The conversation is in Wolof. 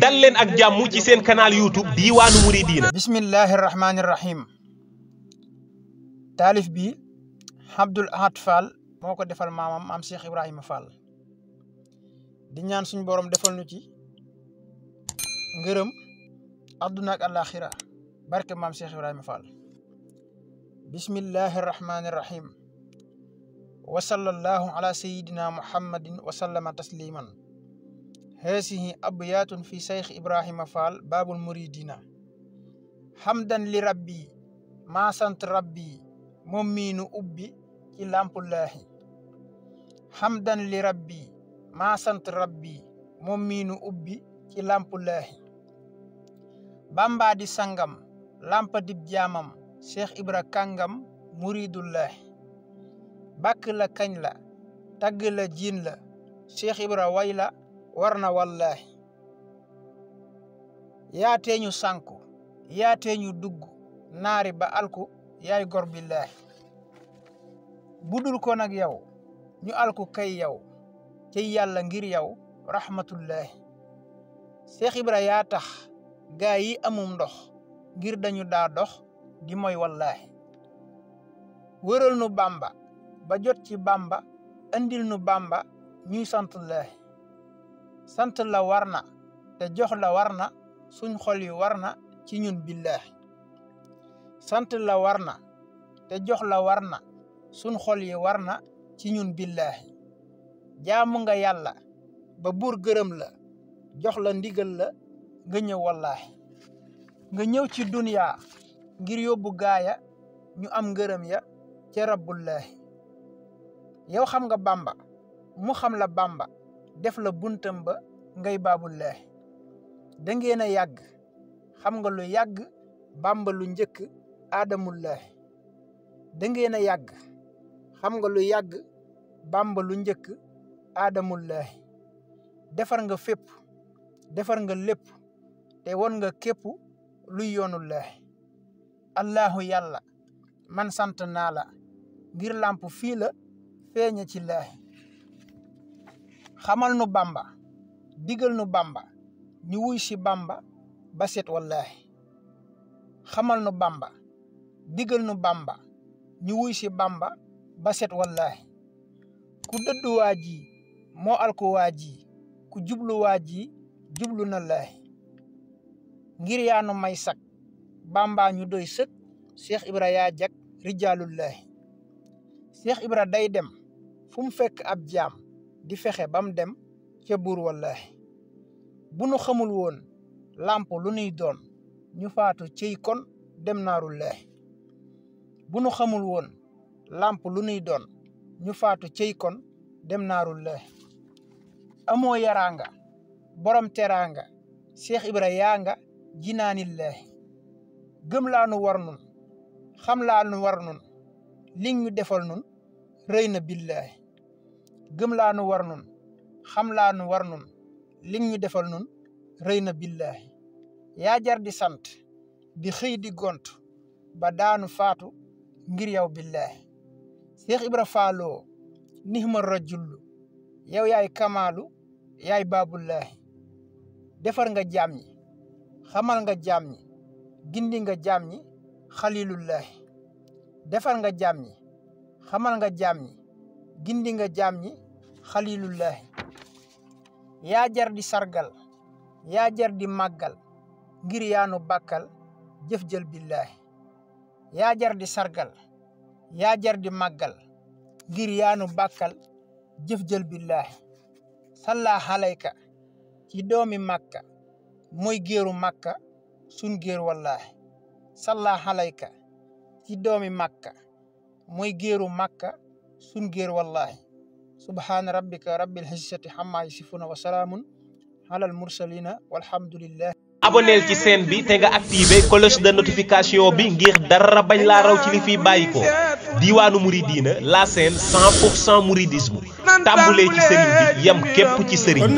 dal leen ak jàmm ci seen canal youtube diiwaanu muridina bismillahi rahmaani rahim bi Abdul Ahad moo ko defal maamam maam Cheikh Ibrahima Fall di ñaan suñ borom defal nu ci ngërëm àdduna ak àllaaxira barke maam Cheikh Ibrahima Fall bismillahi rahmaani rahim wa sallallahu muhammadin wa sallama haasihi abyaatun fi cheikh ibrahima fall baabul muridina hamdan li rabbi maa sant rabbi moom mii ubbi ci làmpullaahi hamdan li rabbi maa rabbi moom ubbi ci làmpullaahi bàmbaa di sangam làmpa dib jaamam cheikh ibra kàngam muridullaahi bàkk la kañ la tagg la jiin la cheikh ibra way la war na wallaahi yaatee ñu sànku yaatee ñu dugg naari ba alku yay gor budul ko nag yow ñu alku kay yow ci yàlla ngir yow rahmatullahi Cheikh Ibra yaa tax gaa yi amum ndox ngir dañu daa dox di mooy wallaahi wëral nu bàmba ba jot ci bàmba andil nu bàmba ñuy sant sant la war na te jox la war na suñ xol yi war na ci ñun billaahi la war na te jox la war na suñ xol yi war na ci ñun billaahi jaamu nga yàlla ba buur gërëm la jox la ndigal la nga ñëw wallaahi nga ñëw ci duniyaa ngir yóbbu gaaya ñu am ngërëm ya ca rabbullaahi yow xam nga bàmba mu xam la bàmba def la buntam ba ngay baabullahi da ngeen a yàgg xam nga lu yàgg bàmba lu njëkk aadamullahi da ngeen a yàgg xam nga lu yàgg bàmba lu njëkk aadamullahi defar nga fépp defar nga lépp te won nga képp luy yoonullahi allahu yàlla man sant naa la ngir làmp fii la feeña ci xamal nu bamba digal nu bamba ñu wuy si bamba ba set xamal nu bamba digal nu bamba ñu wuy si bamba ba set ku dëdduwaa ji moo alkuwaa ji ku jubluwaa ji jublu na laahi ngir yaanu may sak bamba ñu doy sëkk cheikh ibra yaa jak rijaalullaahi cheikh ibra day dem fu fekk ab jaam di fexe bam dem ca buur wallaahi bu nu xamul woon làmp lu nuy doon ñu faatu ciy kon dem naarullaahi bu nu xamul woon làmp lu nuy doon ñu faatu cey kon dem naarullaahi amoo yaraanga borom teraanga Cheikh Ibra yaa nga jinaanillaahi gëm laa nu war nun xam laa nu war nun liñ ñu defal nun rëy na billaahi gëm laa nu war nun xam laa nu war nun li ñu defal nun rëy na billaahi yaa jar di sant di xëy di gont ba daanu faatu ngir yow billaahi Seex Ibra Faaloo nihma rajullu yow yaay kamaalu yaay baabullaahi defar nga jaam ñi xamal nga jaam ñi gindi nga jaam ñi xalilullaahi defar nga jaam ñi xamal nga jaam ñi gindi nga jaam ñi xalilullahi yaa jar sargal yaa jar di màggal ngir yaanu bàkkal jëf-jël billaahi yaa jar sargal yaa jar di màggal ngir yaanu bàkkal jëf-jël billaahi sallaa xalayka ci doomi màkka mooy géeru màkka sun géer wallaahi sallaa xalayka ci doomi màkka moy géeru màkka sun géer wallahi subhaana rabbika rabbil izzati amma yasifuna wa ci chaîne bi te nga activé cloche de notification bi ngir dara bañ laa raw ci li fiy bàyyi ko diiwaanu muridina la chaîne 100 pour ci sëriñ bi yam képp ci sëriñ